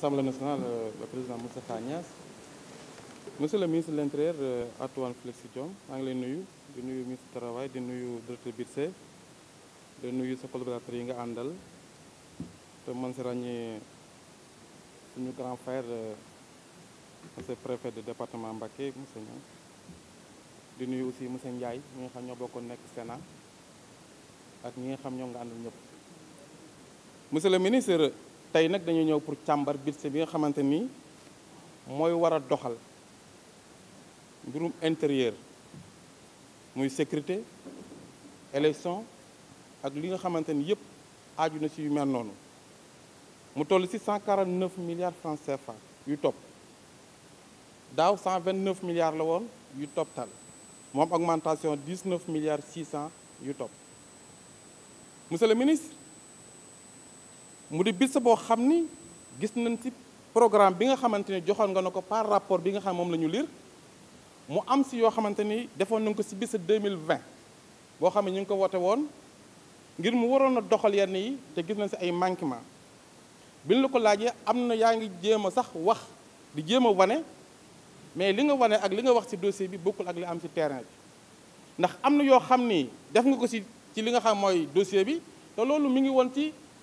l'Assemblée nationale, euh, le président Moussa monsieur le ministre de l'intérieur euh, Antoine Anglais, nuyu nuyu ministre du travail directeur nuyu grand frère euh, préfet de département monsieur aussi monsieur Ndiaye de Sénat monsieur le ministre tay nak dañu ñëw pour chambre budget bi nga xamanteni ni wara doxal mbirum intérieur muy sécurité élection ak li nga xamanteni yépp aaju na ci yu mel nonu mu toll ci 149 milliards francs CFA yu top daw 129 milliards la woon yu avons une augmentation 19 milliards 600 yu top. monsieur le ministre mu di bis boo xam ni gis nañ ci programme bi nga xamante ni joxoon nga na ko par rapport bi nga xam moom la ñu lire mu am si yoo xamante ni defoon nañ ko si bis 2020 boo xam ne ñu ngi ko woote woon ngir mu waroon a doxal yenn yi te gis nañ si ay manquement biñ la ko laajee am na yaa ngi jéem a sax wax di jéem a wane mais li nga wane ak li nga wax si dossier bi bokkul ak li am si terrain bi ndax am na yoo xam ni def nga ko si ci li nga xam mooy dossier bi te loolu mi ngi woon ci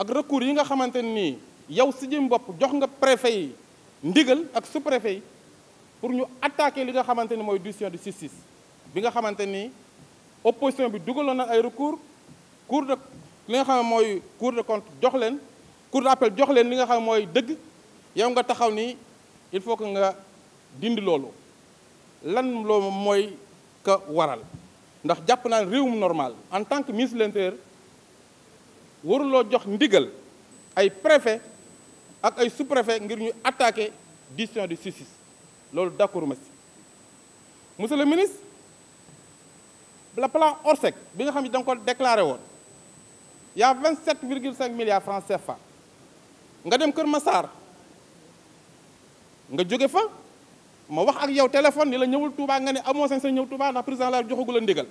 ak recours yi nga xamanteni ni yow si jëm bop jox nga préfet yi ndigal ak sous préfet yi pour ñu attaquer li nga xamanteni ni décision de justice bi nga xamanteni ni opposition bi dugaloon ay recours cour de li nga xam moy cour de compte jox len cour d'appel jox len li nga xam moy deug yow nga taxaw ni il faut que nga dindi lolu lan lo moy ka waral ndax japp na rewum normal en tant que ministre de l'intérieur waruloo jox ndigal ay préfet ak sous préfet ngir ñu attaquer de monsieur le ministre le plan Orsec bi nga xam déclaré il y a 27,5 milliards francs CFA nga dem Kër Massar nga fa ma wax ak yow téléphone ni la Touba nga Touba président la ndigal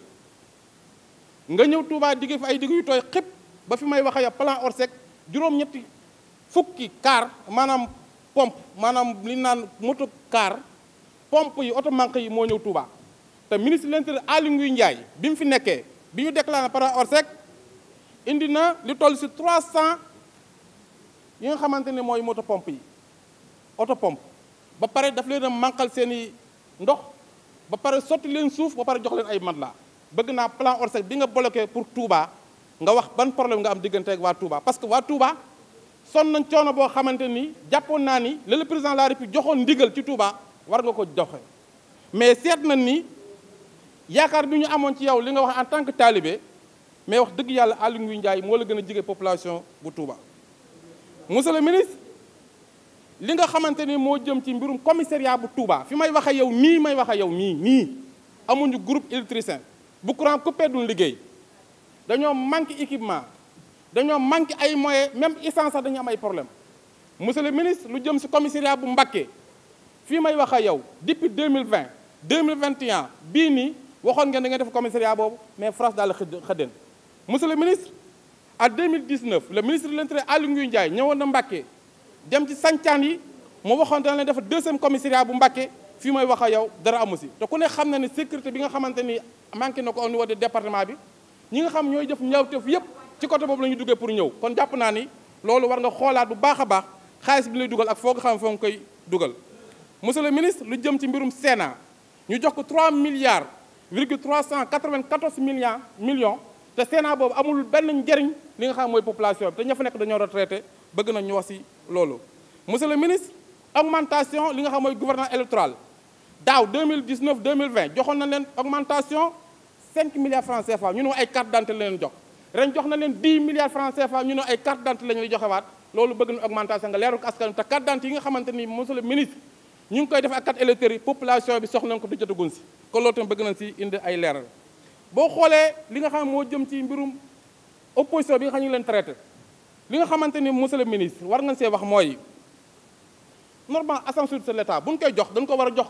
nga Touba fa ay ba fi may waxa ya plan Orsec juróom-ñetti fukki car manam pompe manam li naan moto car pompe yi auto manque yi mo ñew Touba te ministre de l'intérieur Aly Ngouille Ndiaye bi fi nekké biñu déclarer plan Orsec indi na li toll ci 300 yi nga xamantene moy moto pompe yi auto pompe ba paré daf leen mankal seen ndox ba paré soti leen souf ba paré jox leen ay matla bëgg na plan Orsec bi nga bloqué pour Touba. nga wax ban problème nga am diggante waa Touba parce que waa Touba sonn nañ coono boo xamante nii jàppoon naa ni le président de la République joxoon ndigal ci Touba war nga ko joxe mais seet nañ nii yaakaar bi ñu amoon ci yow li nga wax en tant que talibé mais wax dëgg yàlla Aly Ngouille njaay moo la gën a jege population bu Touba. monsieur le ministre li nga xamante ni moo jëm ci mbirum commissariat bu Touba fi may wax ak yow mii may wax ak yow mii mii amuñu groupe électricien bu courant coupé duñ liggéey. dañoo manque équipement dañoo manque ay moyens même essence sax dañu am ay problème monsieur le ministre lu jëm ci commissariat bu Mbacké fii may wax yow depuis 2020 2021 bii nii waxoon ngeen da ngeen def commissariat boobu mais France daal la xëddeen monsieur le ministre à 2019 le ministre de l'intérieur Aliou Ngouille Ndiaye ñëwoon na Mbacké dem ci sancaan yi mu waxoon dana leen def deuxième commissariat bu Mbacké fii may wax ak yow dara amu si te ku ne xam na ne sécurité bi nga xamante ni manqué na ko au niveau de département bi ñi nga xam ñooy def ñaawteef yépp ci côté boobu la ñu duggee pour ñëw kon jàpp naa ni loolu war nga xoolaat bu baax a baax xaalis bi lay dugal ak foo nga xam foo nga koy dugal monsieur le ministre lu jëm ci mbirum Sénat ñu jox ko 3 milliards virgule 394 milliards millions te Sénat boobu amul benn njariñ li nga xam mooy population bi te ña fa nekk dañoo retraité bëgg nañ ñu wax si loolu monsieur le ministre augmentation li nga xam mooy gouvernement électoral daaw 2019 2020 joxoon na leen augmentation cinq milliards francs CFA ñu ne ay carte d'identité la leen jox ren jox na leen 10 milliards francs CFA ñu ne ay carte d'identité la ñuy joxewaat loolu bëgg na augmentation nga leeral ko askan te carte d'identité yi nga xamante ni ministre koy def ak bi soxla nañ ko du jotagun si kon loolu boo xoolee li nga xam moo jëm ci mbirum opposition bi nga leen traité li nga xamante ni monsieur le ministre war nga see wax mooy normal assemblée de l'État bu ñu koy jox dañ ko war a jox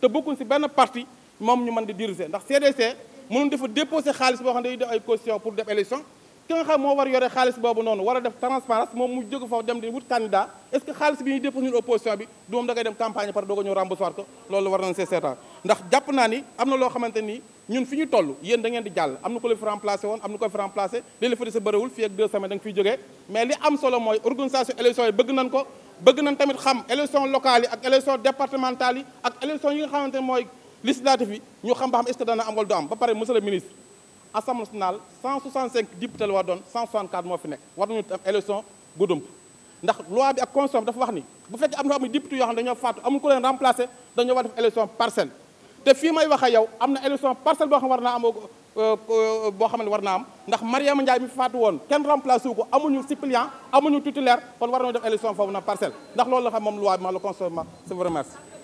te bokkuñ ci benn parti moom ñu mën di diriger ndax CDC mënul dafa déposé xaalis boo xam ne day def ay caution pour def élection ki nga xam moo war yore xaalis boobu noonu war a def transparence moom mu jóge foofu dem di wut candidat est ce que xaalis bi ñuy déposé ñun opposition bi du moom da ngay dem campagne par doog a ñëw rembourser ko loolu war nañ see seetaan ndax jàpp naa ni am na loo xamante nii ñun fi ñu toll yéen da ngeen di jàll am na ko la fi remplacé woon am na ko fi remplacé li la fa di sa bëriwul fii ak deux semaines da nga fiy jógee mais li am solo mooy organisation élection yi bëgg nañ ko bëgg nañ tamit xam élection locale yi ak élection départementale yi ak élection yi nga xamante ne mooy législative yi ñu xam ba xam est-ce que dana am wala du am ba pare monsieur le ministre assemblée national 165 députés la war doon 164 moo fi nekk war nañu am élection bu ndax loi bi ak constitution dafa wax ni bu fekkee am na am député yoo xam ne dañoo faatu amul ku leen remplacer dañoo war def élection partielle te fii may wax a am na élection parcelle boo xam war naa am euh, boo xam ne war naa am ndax Mariama Ndiaye mi faatu woon kenn remplacé wu ko amuñu suppléant amuñu titulaire kon war nañu def élection foofu na parcelle ndax loolu la xam moom loi bi ma la consomme ma je vous remercie